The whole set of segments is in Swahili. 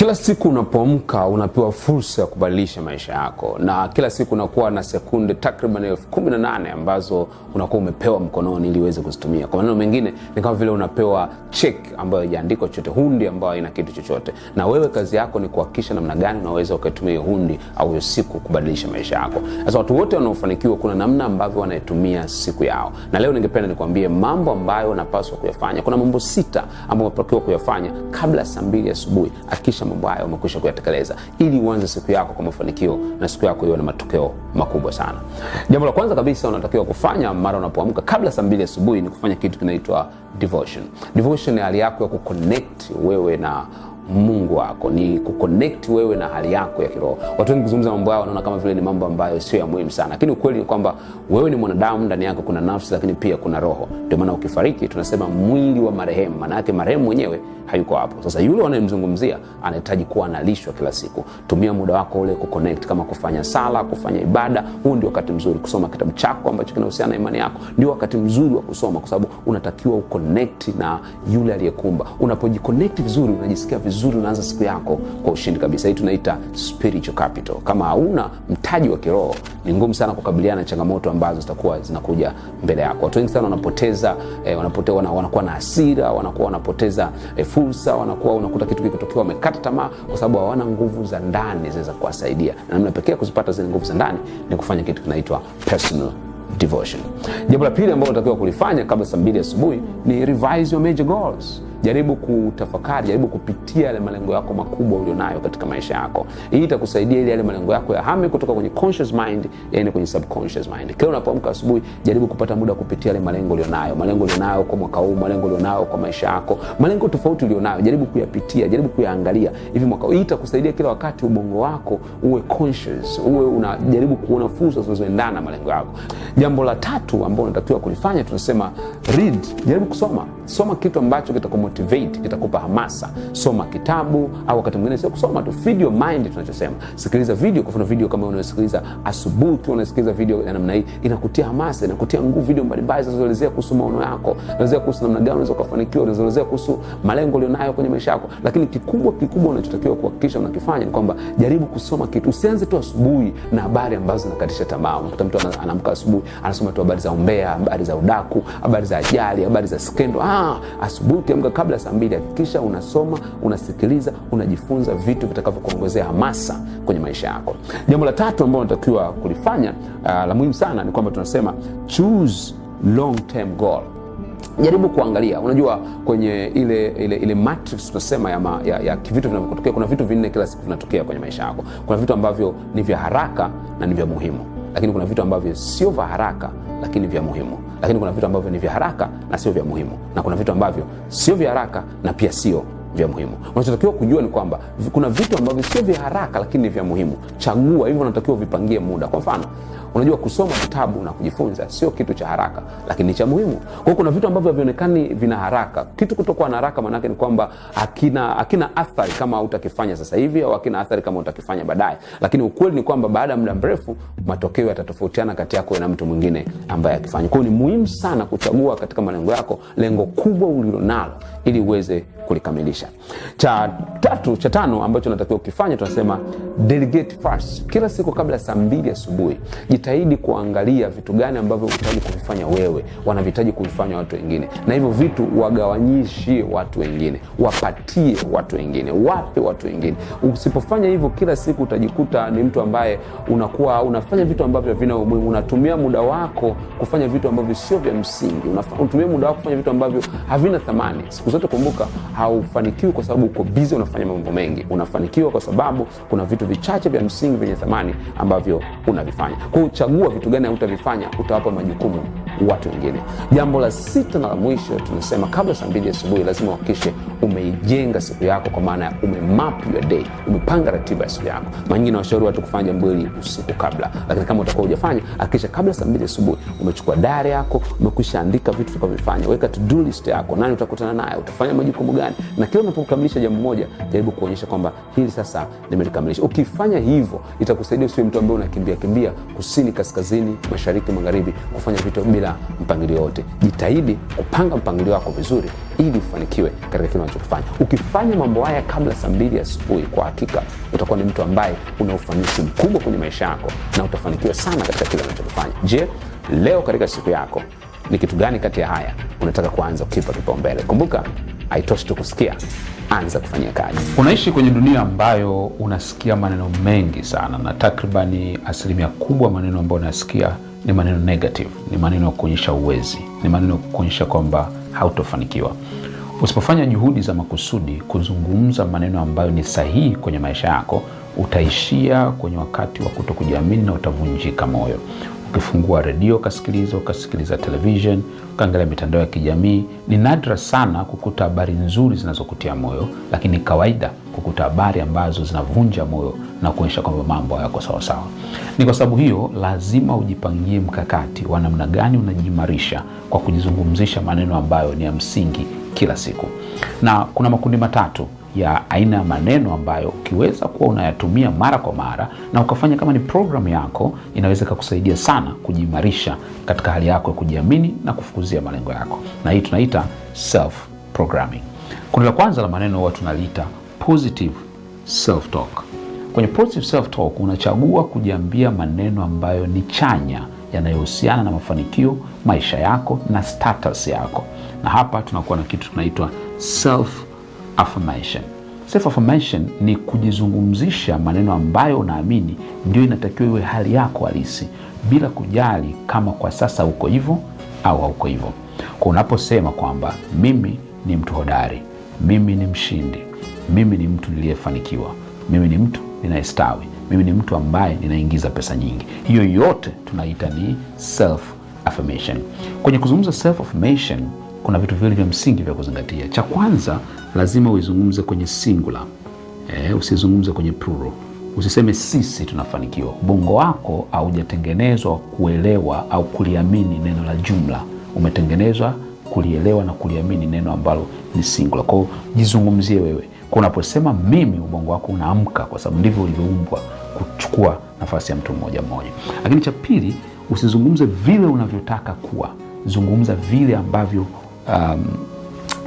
Kila siku unapoamka unapewa fursa ya kubadilisha maisha yako, na kila siku unakuwa na sekunde takriban elfu kumi na nane ambazo unakuwa umepewa mkononi ili uweze kuzitumia. Kwa maneno mengine, ni kama vile unapewa check ambayo haijaandikwa chochote, hundi ambayo ina kitu chochote, na wewe kazi yako ni kuhakikisha namna gani unaweza ukaitumia hiyo hundi au hiyo siku kubadilisha maisha yako. Sasa watu wote wanaofanikiwa, kuna namna ambavyo wanaitumia siku yao, na leo ningependa nikwambie mambo ambayo unapaswa kuyafanya. Kuna mambo sita ambayo unatakiwa kuyafanya kabla saa mbili asubuhi hakikisha mambo hayo umekwisha kuyatekeleza, ili uanze siku yako kwa mafanikio na siku yako iwe na matokeo makubwa sana. Jambo la kwanza kabisa unatakiwa kufanya mara unapoamka kabla saa mbili asubuhi ni kufanya kitu kinaitwa devotion. Devotion ni hali yako ya kuconnect wewe na Mungu wako, ni kuconnect wewe na hali yako ya kiroho. Watu wengi kuzungumza mambo yao wanaona kama vile ni mambo ambayo sio ya muhimu sana, lakini ukweli ni kwamba wewe ni mwanadamu, ndani yako kuna nafsi, lakini pia kuna roho. Ndio maana ukifariki tunasema mwili wa marehemu, maana yake marehemu mwenyewe hayuko hapo. Sasa yule wanayemzungumzia anahitaji kuwa analishwa kila siku. Tumia muda wako ule kuconnect, kama kufanya sala, kufanya ibada. Huu ndio wakati mzuri kusoma kitabu chako ambacho kinahusiana na imani yako, ndio wakati mzuri wa kusoma, kwa sababu unatakiwa uconnect na yule aliyekumba Unapojiconnect vizuri, unajisikia vizuri vizuri, unaanza siku yako kwa ushindi kabisa. Hii tunaita spiritual capital. Kama hauna mtaji wa kiroho, ni ngumu sana kukabiliana na changamoto ambazo zitakuwa zinakuja mbele yako. Watu wengi sana wanapoteza eh, wanapotea, wanakuwa na hasira, wanakuwa wanapoteza eh, fursa, wanakuwa unakuta kitu kikitokea wamekata tamaa, kwa sababu hawana nguvu za ndani zinaweza kuwasaidia, na namna pekee kuzipata zile nguvu za ndani ni kufanya kitu kinaitwa personal devotion. Jambo la pili ambalo unatakiwa kulifanya kabla saa mbili asubuhi ni revise your major goals jaribu kutafakari, jaribu kupitia yale malengo yako makubwa ulionayo katika maisha yako. Hii itakusaidia ili yale malengo yako yahame kutoka kwenye conscious mind yaende kwenye subconscious mind. Kila unapoamka asubuhi, jaribu kupata muda kupitia yale malengo ulionayo, malengo ulionayo kwa mwaka huu, malengo ulionayo kwa maisha yako, malengo tofauti ulionayo, jaribu kuyapitia, jaribu kuyaangalia hivi mwaka huu. Hii itakusaidia kila wakati ubongo wako uwe conscious, uwe unajaribu kuona fursa zinazoendana na malengo yako. Jambo la tatu ambalo unatakiwa kulifanya tunasema read, jaribu kusoma Soma kitu ambacho kitakumotivate, kitakupa hamasa. Soma kitabu au wakati mwingine sio kusoma tu, video mind tunachosema. Sikiliza video, kwa mfano video kama unayosikiliza asubuhi tu, unasikiliza video ya namna hii, inakutia hamasa, inakutia nguvu. Video mbalimbali zinazoelezea kuhusu maono yako, zinaelezea kuhusu namna gani unaweza kufanikiwa, zinaelezea kuhusu malengo ulionayo kwenye maisha yako. Lakini kikubwa kikubwa unachotakiwa kuhakikisha unakifanya ni kwamba jaribu kusoma kitu, usianze tu asubuhi na habari ambazo zinakatisha tamaa. Unakuta mtu anaamka asubuhi anasoma tu habari za umbea, habari za udaku, habari za ajali, habari za skendo ah, Ijumaa asubuhi ukiamka kabla saa mbili, hakikisha unasoma, unasikiliza, unajifunza vitu vitakavyokuongezea hamasa kwenye maisha yako. Jambo la tatu ambalo unatakiwa kulifanya, uh, la muhimu sana ni kwamba tunasema choose long term goal. Jaribu kuangalia, unajua kwenye ile ile, ile matrix tunasema ya, ma, ya, ya vitu vinavyotokea. Kuna vitu vinne kila siku vinatokea kwenye maisha yako. Kuna vitu ambavyo ni vya haraka na ni vya muhimu lakini kuna vitu ambavyo sio vya haraka lakini vya muhimu, lakini kuna vitu ambavyo ni vya haraka na sio vya muhimu, na kuna vitu ambavyo sio vya haraka na pia sio vya muhimu. Unachotakiwa kujua ni kwamba kuna vitu ambavyo sio vya haraka, lakini ni vya muhimu. Chagua hivyo, unatakiwa vipangie muda. Kwa mfano, unajua kusoma vitabu na kujifunza sio kitu cha haraka, lakini ni cha muhimu. Kwa kuna vitu ambavyo havionekani vina haraka. Kitu kutokuwa na haraka maanake ni kwamba hakina hakina athari kama utakifanya sasa hivi, au hakina athari kama utakifanya baadaye. Lakini ukweli ni kwamba baada ya muda mrefu matokeo yatatofautiana kati yako na mtu mwingine ambaye akifanya. Kwa hiyo ni muhimu sana kuchagua katika malengo yako lengo kubwa ulilonalo ili uweze kulikamilisha. Cha tatu, cha tano ambacho natakiwa ukifanya tunasema delegate first. Kila siku kabla ya saa mbili asubuhi, jitahidi kuangalia vitu gani ambavyo unahitaji kuvifanya wewe, wanavihitaji kuvifanya watu wengine, na hivyo vitu wagawanyishie watu wengine, wapatie watu wengine, wape watu wengine. Usipofanya hivyo kila siku, utajikuta ni mtu ambaye unakuwa unafanya vitu ambavyo havina umuhimu, unatumia muda wako kufanya vitu ambavyo sio vya msingi, unatumia muda wako kufanya vitu ambavyo havina thamani. Siku zote kumbuka haufanikiwi kwa sababu uko bizi unafanya mambo mengi. Unafanikiwa kwa sababu kuna vitu vichache vya msingi vyenye thamani ambavyo unavifanya. Kwa hiyo chagua vitu gani utavifanya, utawapa majukumu watu wengine. Jambo la sita na la mwisho, tunasema kabla saa mbili asubuhi lazima uhakikishe umeijenga siku yako, kwa maana ya umemap your day, umepanga ratiba ya siku yako. Mara nyingi nawashauri watu kufanya jambo hili usiku kabla, lakini kama utakuwa hujafanya, hakikisha kabla saa mbili asubuhi umechukua diary yako, umekwisha andika vitu utakavyofanya. Weka to do list yako, nani utakutana naye, utafanya majukumu gani gani. Na kila unapokamilisha jambo moja, jaribu kuonyesha kwamba hili sasa nimelikamilisha. Ukifanya hivyo, itakusaidia usiwe mtu ambaye unakimbia kimbia kusini, kaskazini, mashariki, magharibi, kufanya vitu bila mpangilio wote. Jitahidi kupanga mpangilio wako vizuri ili ufanikiwe katika kile unachokifanya. Ukifanya mambo haya kabla saa mbili asubuhi, kwa hakika utakuwa ni mtu ambaye una ufanisi mkubwa kwenye maisha yako na utafanikiwa sana katika kile unachokifanya. Je, leo katika siku yako ni kitu gani kati ya haya unataka kuanza kukipa kipaumbele? Kumbuka haitoshi tu kusikia, anza kufanyia kazi. Unaishi kwenye dunia ambayo unasikia maneno mengi sana, na takribani asilimia kubwa maneno ambayo unasikia ni maneno negative, ni maneno ya kuonyesha uwezi, ni maneno ya kuonyesha kwamba hautofanikiwa. Usipofanya juhudi za makusudi kuzungumza maneno ambayo ni sahihi kwenye maisha yako, utaishia kwenye wakati wa kuto kujiamini na utavunjika moyo ukifungua redio ukasikiliza, ukasikiliza televishen ukaangalia mitandao ya kijamii. Ni nadra sana kukuta habari nzuri zinazokutia moyo, lakini kawaida kukuta habari ambazo zinavunja moyo na kuonyesha kwamba mambo hayako sawasawa. Ni kwa sababu hiyo lazima ujipangie mkakati wa namna gani unajiimarisha kwa kujizungumzisha maneno ambayo ni ya msingi kila siku, na kuna makundi matatu ya aina ya maneno ambayo ukiweza kuwa unayatumia mara kwa mara na ukafanya kama ni programu yako, inaweza ikakusaidia sana kujiimarisha katika hali yako ya kujiamini na kufukuzia malengo yako, na hii tunaita self programming. Kundi la kwanza la maneno huwa tunaliita positive self talk. Kwenye positive self talk unachagua kujiambia maneno ambayo ni chanya yanayohusiana na mafanikio, maisha yako na status yako, na hapa tunakuwa na kitu tunaitwa self affirmation. Self affirmation ni kujizungumzisha maneno ambayo unaamini ndio inatakiwa iwe hali yako halisi bila kujali kama kwa sasa uko hivyo au hauko hivyo. Kwa unaposema kwamba mimi ni mtu hodari, mimi ni mshindi, mimi ni mtu niliyefanikiwa, mimi ni mtu ninayestawi, mimi ni mtu ambaye ninaingiza pesa nyingi, hiyo yote tunaita ni self affirmation. Kwenye kuzungumza self affirmation kuna vitu viwili vya msingi vya kuzingatia. Cha kwanza lazima uizungumze kwenye singular eh, usizungumze kwenye plural. Usiseme sisi tunafanikiwa. Ubongo wako haujatengenezwa kuelewa au kuliamini neno la jumla, umetengenezwa kulielewa na kuliamini neno ambalo ni singular. Kwa hiyo jizungumzie wewe. Kwa unaposema mimi, ubongo wako unaamka, kwa sababu ndivyo ulivyoumbwa kuchukua nafasi ya mtu mmoja mmoja. Lakini cha pili, usizungumze vile unavyotaka kuwa, zungumza vile ambavyo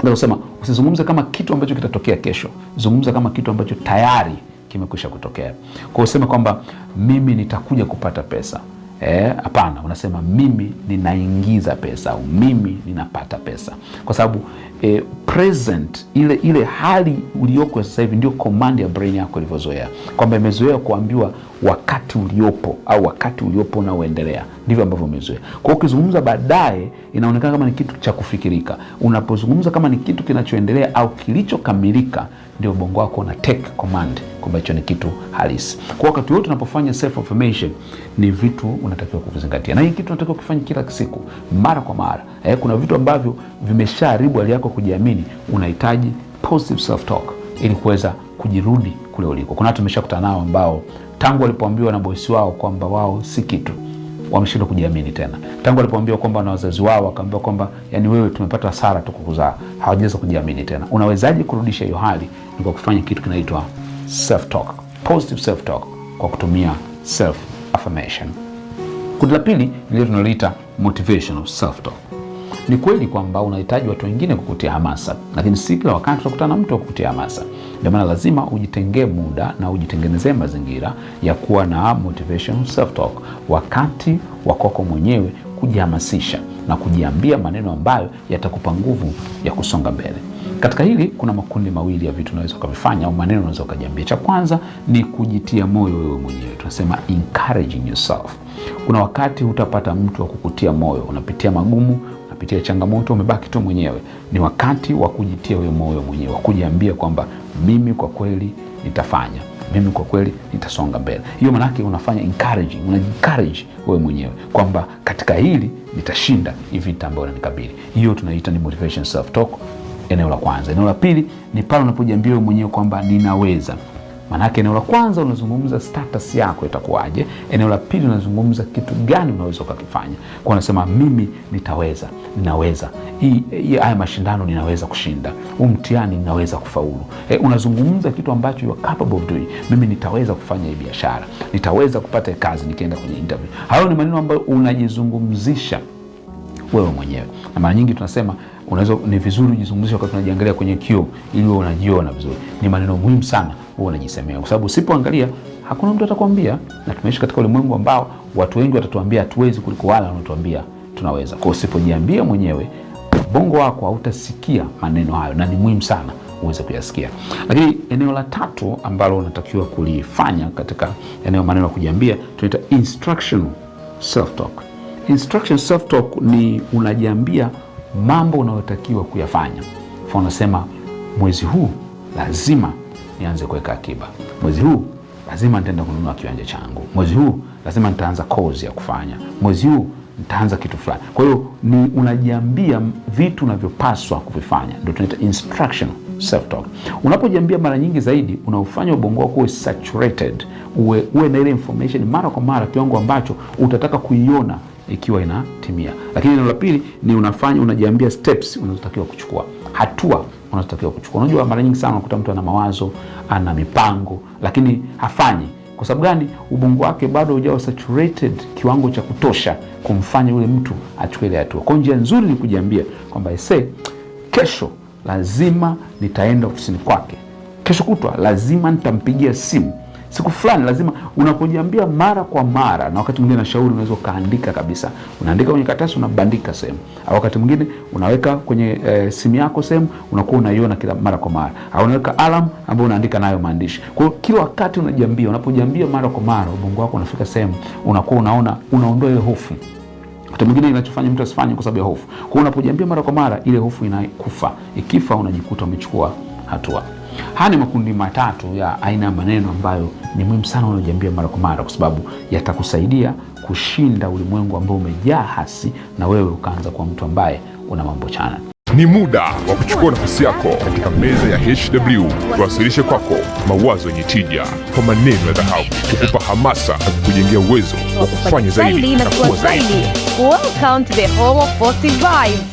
um, sema Usizungumze kama kitu ambacho kitatokea kesho, zungumza kama kitu ambacho tayari kimekwisha kutokea. Kwa useme kwamba mimi nitakuja kupata pesa, Eh, hapana eh, unasema mimi ninaingiza pesa au mimi ninapata pesa, kwa sababu eh, present ile, ile hali uliyoko sasa hivi ndio command ya brain yako ilivyozoea, kwamba imezoea kuambiwa wakati uliopo au wakati uliopo unaoendelea, ndivyo ambavyo umezoea. Kwa hiyo ukizungumza baadaye inaonekana kama ni kitu cha kufikirika. Unapozungumza kama ni kitu kinachoendelea au kilichokamilika ndio ubongo wako una take command kwamba hicho ni kitu halisi. Kwa wakati wote unapofanya self affirmation, ni vitu unatakiwa kuvizingatia, na hii kitu unatakiwa kufanya kila siku, mara kwa mara. Eh, kuna vitu ambavyo vimesharibu hali yako kujiamini, unahitaji positive self talk ili kuweza kujirudi kule uliko. Kuna watu tumeshakutana nao ambao tangu walipoambiwa na bosi wao kwamba wao si kitu wameshindwa kujiamini tena, tangu walipoambiwa kwamba na wazazi wao wakaambiwa kwamba yani, wewe tumepata hasara kukuzaa hawajaweza kujiamini tena. Unawezaje kurudisha hiyo hali? Ni kwa kufanya kitu kinaitwa self talk, positive self talk, kwa kutumia self affirmation. Kundi la pili ndio tunaloita motivational self talk. Ni kweli kwamba unahitaji watu wengine kukutia hamasa, lakini si kila wakati utakutana na mtu wa kukutia hamasa. Ndio maana lazima ujitengee muda na ujitengenezee mazingira ya kuwa na motivation self talk, wakati wa kwako mwenyewe kujihamasisha na kujiambia maneno ambayo yatakupa nguvu ya kusonga mbele. Katika hili kuna makundi mawili ya vitu unaweza ukavifanya au maneno unaweza ukajiambia. Cha kwanza ni kujitia moyo wewe mwenyewe, tunasema encouraging yourself. Kuna wakati hutapata mtu wa kukutia moyo, unapitia magumu unapitia changamoto, umebaki tu mwenyewe, ni wakati wa kujitia wewe moyo mwenyewe, wa kujiambia kwamba mimi kwa kweli nitafanya, mimi kwa kweli nitasonga mbele. Hiyo maanake unafanya encouraging, una encourage wewe mwenyewe kwamba katika hili nitashinda hivi vita ambavyo nanikabili. Hiyo tunaita ni motivation self talk, eneo la kwanza. Eneo la pili ni pale unapojiambia wewe mwenyewe kwamba ninaweza Maanake eneo la kwanza unazungumza status yako itakuwaje, eneo la pili unazungumza kitu gani unaweza ukakifanya. Kwa unasema mimi nitaweza, ninaweza hii, haya mashindano ninaweza kushinda, huu mtihani ninaweza kufaulu. E, unazungumza kitu ambacho you are capable of doing. Mimi nitaweza kufanya hii biashara, nitaweza kupata kazi nikienda kwenye interview. Hayo ni maneno ambayo unajizungumzisha wewe mwenyewe, na mara nyingi tunasema unaweza, ni vizuri ujizungumzishe wakati unajiangalia kwenye kioo ili unajiona vizuri. Ni maneno muhimu sana wewe unajisemea, kwa sababu usipoangalia hakuna mtu atakwambia, na tumeishi katika ulimwengu ambao watu wengi watatuambia hatuwezi kuliko wale wanaotuambia tunaweza. Kwa usipojiambia mwenyewe, ubongo wako hautasikia maneno hayo, na ni muhimu sana uweze kuyasikia. Lakini eneo la tatu ambalo unatakiwa kulifanya katika eneo maneno ya kujiambia, tunaita instructional self talk. Instruction self talk ni unajiambia mambo unayotakiwa kuyafanya. Kwa unasema mwezi huu lazima nianze kuweka akiba. Mwezi huu lazima nitaenda kununua kiwanja changu, mwezi huu lazima nitaanza kozi ya kufanya, mwezi huu nitaanza kitu fulani. Kwa hiyo ni unajiambia vitu unavyopaswa kuvifanya, ndio tunaita instructional self talk. Unapojiambia mara nyingi zaidi, unaufanya ubongo wako uwe saturated, uwe, uwe na ile information mara kwa mara, kiwango ambacho utataka kuiona ikiwa inatimia. Lakini neno la pili ni unafanya unajiambia steps unazotakiwa kuchukua hatua unazotakiwa kuchukua. Unajua, mara nyingi sana unakuta mtu ana mawazo, ana mipango, lakini hafanyi. Kwa sababu gani? Ubongo wake bado hujawa saturated kiwango cha kutosha kumfanya yule mtu achukue ile hatua. Kwa njia nzuri ni kujiambia kwamba ese, kesho lazima nitaenda ofisini kwake, kesho kutwa lazima nitampigia simu siku fulani lazima unapojiambia mara kwa mara, na wakati mwingine nashauri unaweza ukaandika kabisa, unaandika kwenye karatasi unabandika sehemu, au wakati mwingine unaweka kwenye e, simu yako sehemu, unakuwa unaiona kila mara kwa mara, au unaweka alarm ambayo unaandika nayo maandishi. Kwa hiyo kila wakati unajiambia, unapojiambia mara kwa mara, ubongo wako unafika sehemu, unakuwa unaona, unaondoa ile hofu kitu mwingine kinachofanya mtu asifanye kwa sababu ya hofu. Kwa hiyo unapojiambia mara kwa mara, ile hofu inakufa. Ikifa unajikuta umechukua hatua. Haya ni makundi matatu ya aina ya maneno ambayo ni muhimu sana unajiambia mara kwa mara, kwa sababu yatakusaidia kushinda ulimwengu ambao umejaa hasi na wewe ukaanza kuwa mtu ambaye una mambo chana. Ni muda wa kuchukua nafasi yako katika meza ya HW, tuwasilishe kwako mawazo yenye tija kwa maneno ya dhahabu, kukupa hamasa na kukujengea uwezo wa kufanya zaidi na kuwa zaidi. Welcome to the home of positive vibes.